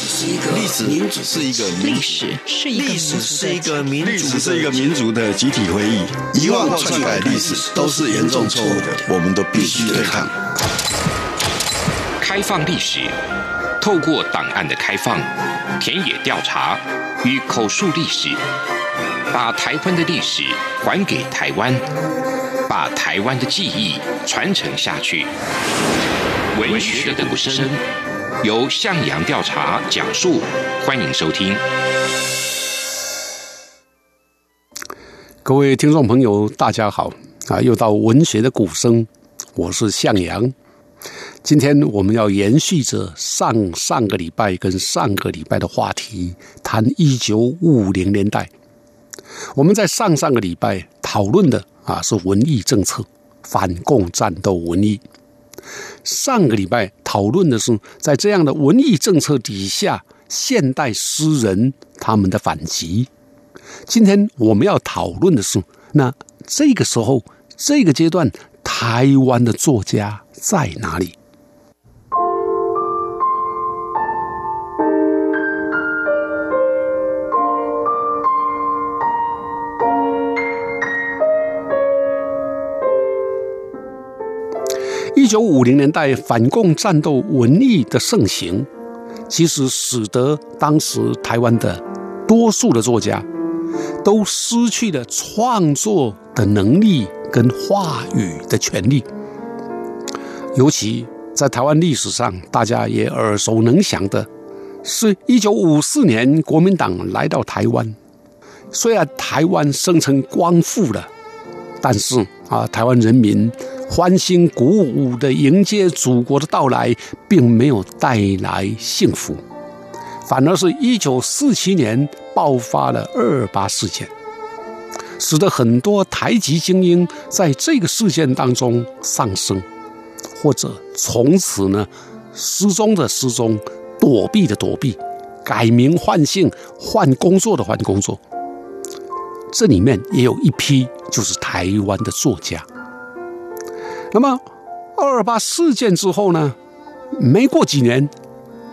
歷史是一個歷史是一個歷史、史、史是一個民族的、民族的集體回憶，遺忘篡改歷史都是嚴重錯誤的，我們都必須對抗。開放歷史，透過檔案的開放、田野調查與口述歷史，把台灣的歷史還給台灣，把台灣的記憶傳承下去。文學的呼聲。由向陽調查講述，歡迎收聽，各位聽眾朋友，大家好啊！又到文學的鼓聲，我是向陽。今天我們要延續着上上個禮拜跟上個禮拜的話題，談一九五零年代。我們在上上個禮拜討論的啊，是文藝政策、反共戰鬥文藝。上個禮拜討論的是在這樣的文藝政策底下，現代詩人他們的反擊。今天我們要討論的是，那這個時候、這個階段，台灣的作家在哪裡？一九五零年代反共戰鬥文藝的盛行，其實使，使得當時台灣的多數的作家都失去了創作的能力跟話語的權利。尤其在台灣歷史上，大家也耳熟能詳的，是一九五四年國民黨來到台灣，雖然台灣聲稱光復了，但是啊，台灣人民，歡欣鼓舞地迎接祖國的到來，並沒有帶來幸福，反而是一九四七年爆發了二二八事件，使得很多台籍精英在這個事件當中喪生，或者從此呢失蹤的失蹤，躲避的躲避，改名換姓、換工作的換工作。這裡面也有一批就是台灣的作家。那麼，二二八事件之後呢，沒過幾年，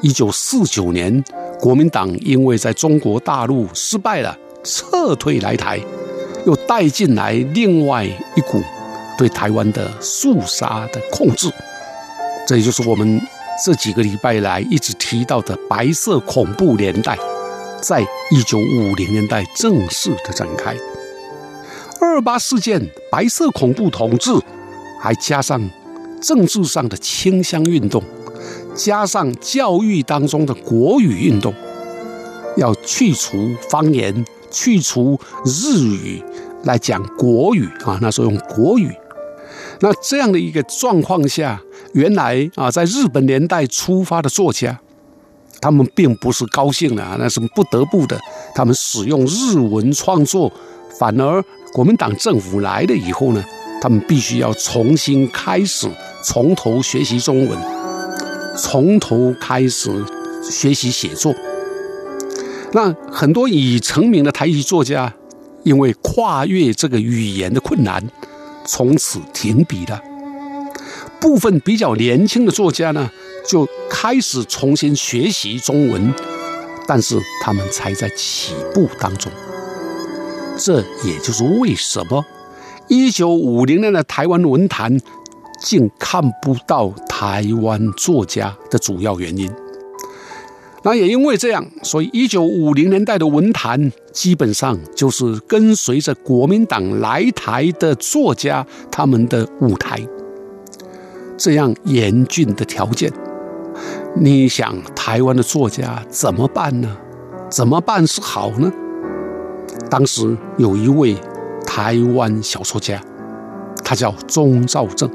一九四九年，國民黨因為在中國大陸失敗了，撤退來台，又帶進來另外一股對台灣的肅殺的控制。這也就是我們這幾個禮拜來一直提到的“白色恐怖”年代，在一九五零年代正式的展開。二二八事件，白色恐怖統治。還加上政治上的清鄉運動，加上教育當中的國語運動，要去除方言，去除日語，來講國語啊。那時候用國語。那這樣的一個狀況下，原來啊，在日本年代出發的作家，他們並不是高興的啊，那是不得不的。他們使用日文創作，反而國民黨政府來了以後呢，他們必須要重新開始，從頭學習中文，從頭開始學習寫作。那很多已成名的台籍作家，因為跨越這個語言的困難，從此停筆了。部分比較年輕的作家呢，就開始重新學習中文，但是他們才在起步當中。這也就是為什麼。一九五零年的台灣文壇，竟看不到台灣作家的主要原因。那也因為這樣，所以一九五零年代的文壇基本上就是跟隨着國民黨來台的作家，他們的舞台。這樣嚴峻的條件，你想台灣的作家怎麼辦呢？怎麼辦是好呢？當時有一位。台灣小說家，他叫鍾肇政，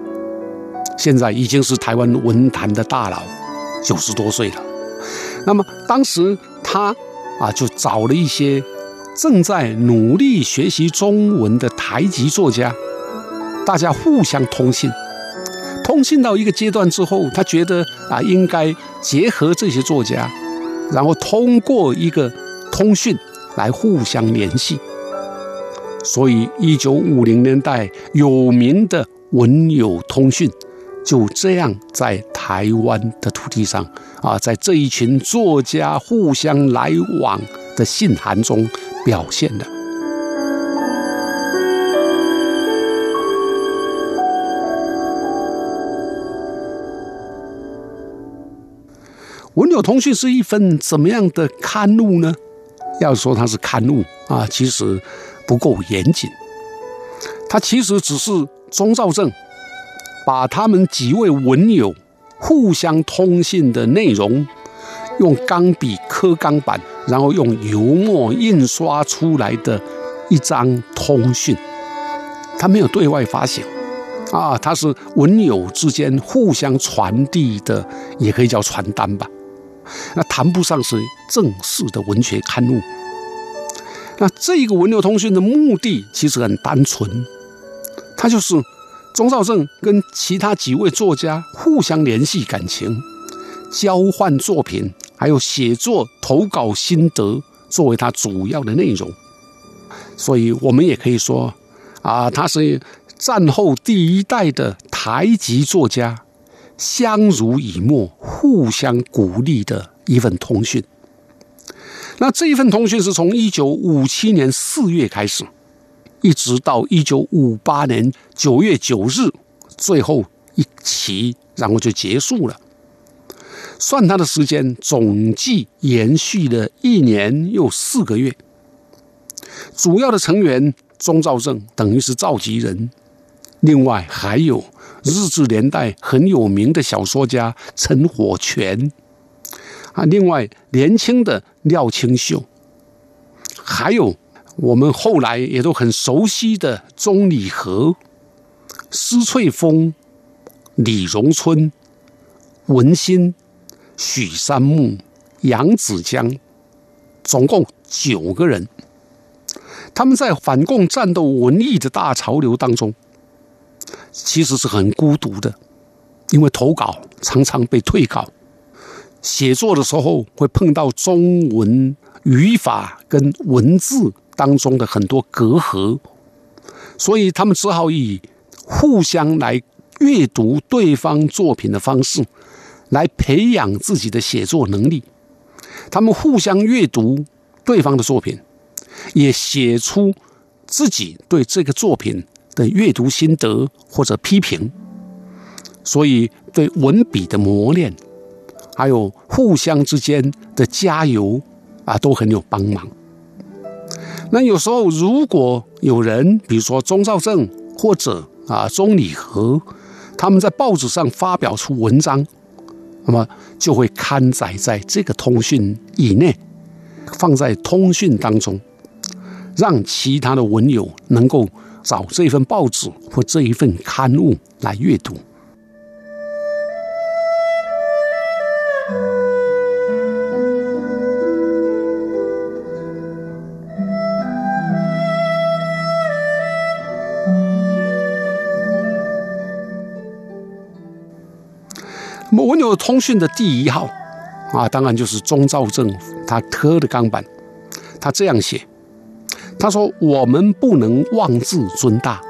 現在已經是台灣文壇的大佬，九十多歲了。那麼當時他啊，就找了一些正在努力學習中文的台籍作家，大家互相通信。通信到一個階段之後，他覺得啊，應該結合這些作家，然後通過一個通訊來互相聯繫。所以，一九五零年代有名的文友通訊，就這樣在台灣的土地上啊，在這一群作家互相來往的信函中表現的。文友通訊是一份怎麼樣的刊物呢？要說它是刊物啊，其實。不夠嚴謹，它其實只是鍾肇政把他們幾位文友互相通信的內容，用鋼筆刻鋼板，然後用油墨印刷出來的，一張通訊。他沒有對外發行，啊，他是文友之間互相傳遞的，也可以叫傳單吧。那談不上是正式的文學刊物。那這個文友通訊的目的其實很單純，它就是鍾肇政跟其他幾位作家互相聯繫感情、交換作品，還有寫作投稿心得作為他主要的內容。所以我們也可以說，啊、呃，他是戰後第一代的台籍作家，相濡以沫、互相鼓勵的一份通訊。那這一份通訊是從一九五七年四月開始，一直到一九五八年九月九日，最後一期，然後就結束了。算它的時間，總計延續了一年又四個月。主要的成員，鍾肇政等於是召集人，另外還有日治年代很有名的小說家陳火全啊，另外年輕的。廖清秀，還有我們後來也都很熟悉的鍾理和、施翠峰、李榮春、文心、許山木、楊子江，總共九個人，他們在反共戰鬥文藝的大潮流當中，其實是很孤獨的，因為投稿常常被退稿。寫作的時候會碰到中文語法跟文字當中的很多隔閡，所以他們只好以互相來閱讀對方作品的方式，來培養自己的寫作能力。他們互相閱讀對方的作品，也寫出自己對這個作品的閱讀心得或者批評，所以對文筆的磨練。還有互相之間的加油，啊，都很有幫忙。那有時候如果有人，比如說鍾肇政或者啊鍾理和，他們在報紙上發表出文章，那麼就會刊載在這個通訊以內，放在通訊當中，讓其他的文友能夠找這份報紙或這一份刊物來閱讀。文友通訊的第一號，啊，當然就是鍾肇政他刻的鋼板，他這樣寫，他說：“我們不能妄自尊大，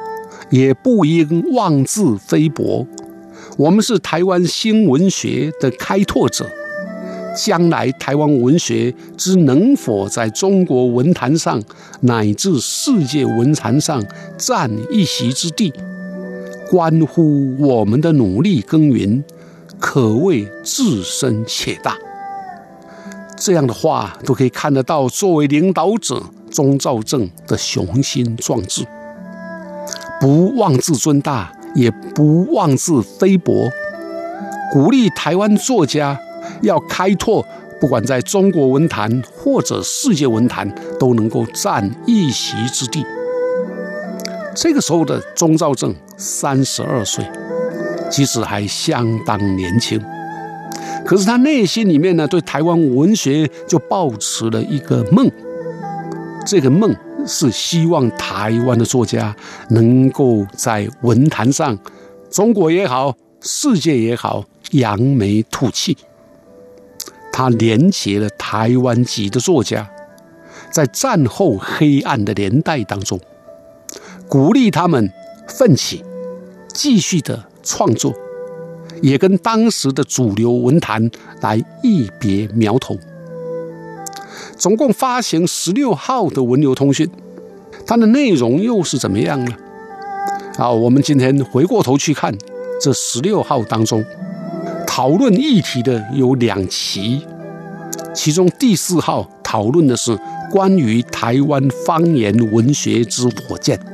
也不應妄自菲薄。我們是台灣新文學的開拓者，將來台灣文學之能否在中國文壇上乃至世界文壇上占一席之地，關乎我們的努力耕耘。”可謂自身且大，這樣的話都可以看得到，作為領導者鍾肇政的雄心壯志，不妄自尊大，也不妄自菲薄，鼓勵台灣作家要開拓，不管在中國文壇或者世界文壇，都能夠占一席之地。這個時候的鍾肇政三十二歲。其實還相當年輕，可是他內心裡面呢，對台灣文學就抱持了一個夢。這個夢是希望台灣的作家能夠在文壇上，中國也好，世界也好，揚眉吐氣。他連結了台灣籍的作家，在戰後黑暗的年代當中，鼓勵他們奮起，繼續的。創作也跟當時的主流文壇來一別苗頭。總共發行十六號的文友通訊，它的內容又是怎麼樣呢？啊，我們今天回過頭去看這十六號當中，討論議題的有兩期，其中第四號討論的是關於台灣方言文學之我見。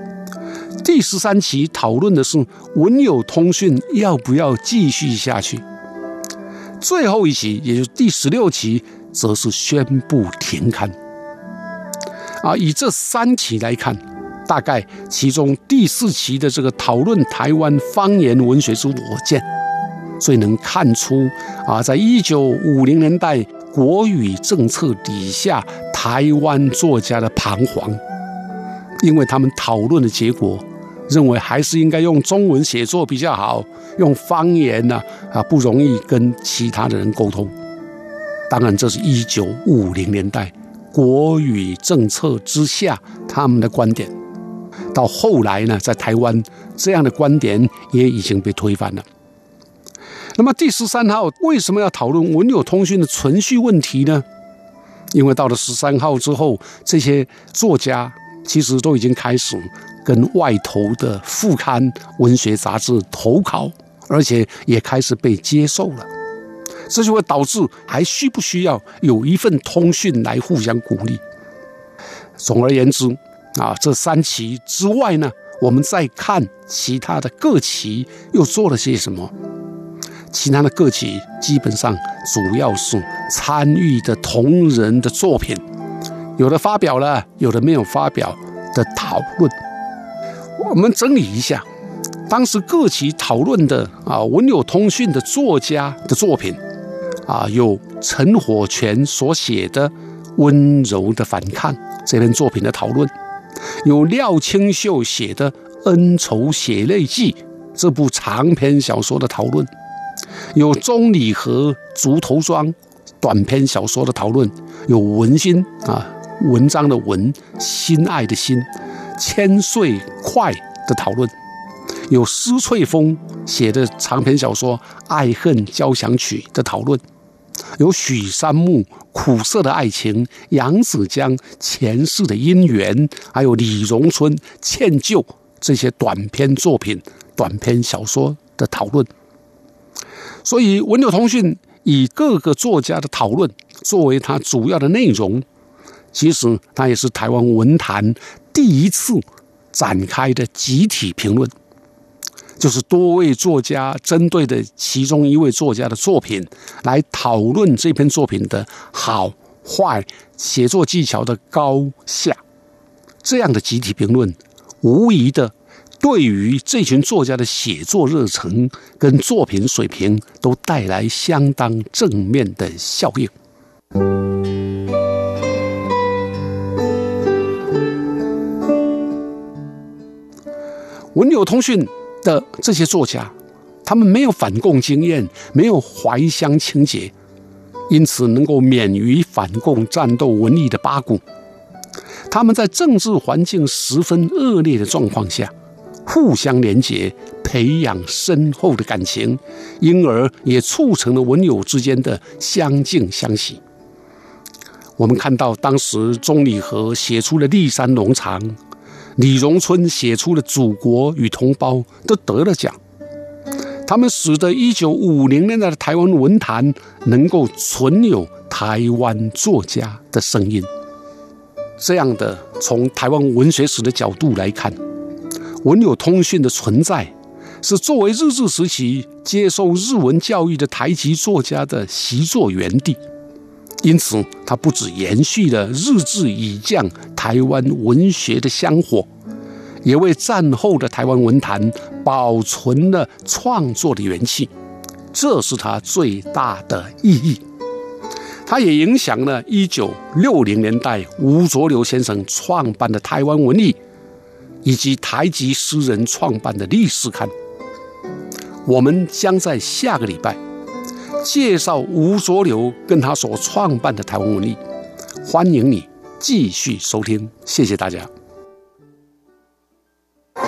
第十三期討論的是文友通訊要不要繼續下去，最後一期，也就是第十六期，則是宣布停刊。啊，以這三期來看，大概其中第四期的這個討論台灣方言文學之我見，最能看出啊，在一九五零年代國語政策底下，台灣作家的彷徨，因為他們討論的結果。認為還是應該用中文寫作比較好，用方言呢啊不容易跟其他的人溝通。當然，這是一九五零年代國語政策之下他們的觀點。到後來呢，在台灣這樣的觀點也已經被推翻了。那麼第十三號為什麼要討論文友通訊的存續問題呢？因為到了十三號之後，這些作家其實都已經開始。跟外頭的副刊文學雜誌投稿，而且也開始被接受了，這就會導致，還需不需要有一份通訊來互相鼓勵。總而言之，啊，這三期之外呢，我們再看其他的各期又做了些什麼。其他的各期基本上主要是參與的同仁的作品，有的發表了，有的沒有發表的討論。我們整理一下，當時各期討論的啊，文友通訊的作家的作品，啊，有陳火全所寫的《溫柔的反抗》這篇作品的討論，有廖清秀寫的《恩仇血淚記》這部長篇小說的討論，有鍾理和《竹頭莊》短篇小說的討論，有文心啊，文章的文，心愛的心。千歲快的討論，有施翠峰寫的長篇小說《愛恨交響曲》的討論，有許山木《苦澀的愛情》，楊子江《前世的姻緣》，還有李榮春《歉疚》這些短篇作品、短篇小說的討論。所以，文友通訊以各個作家的討論作為它主要的內容，其實它也是台灣文壇，第一次展開的集體評論，就是多位作家針對的其中一位作家的作品來討論這篇作品的好壞、寫作技巧的高下。這樣的集體評論，無疑的對於這群作家的寫作熱忱跟作品水平都帶來相當正面的效應。文友通訊的這些作家，他們沒有反共經驗，沒有懷鄉情結，因此能夠免於反共戰鬥文藝的八股。他們在政治環境十分惡劣的狀況下，互相聯結，培養深厚的感情，因而也促成了文友之間的相敬相惜。我們看到當時鍾理和寫出了《笠山農場》。李榮春寫出了《祖國與同胞》，都得了獎。他們使得一九五零年代的台灣文壇能夠存有台灣作家的聲音。這樣的，從台灣文學史的角度來看，文友通訊的存在，是作為日治時期接受日文教育的台籍作家的習作園地。因此，它不只延續了日治以降台灣文學的香火，也為戰後的台灣文壇保存了創作的元氣，這是它最大的意義。它也影響了1960年代吳濁流先生創辦的《台灣文藝》，以及台籍詩人創辦的歷史刊。我們將在下個禮拜。介紹吳濁流跟他所創辦的台灣文藝，歡迎你繼續收聽，謝謝大家。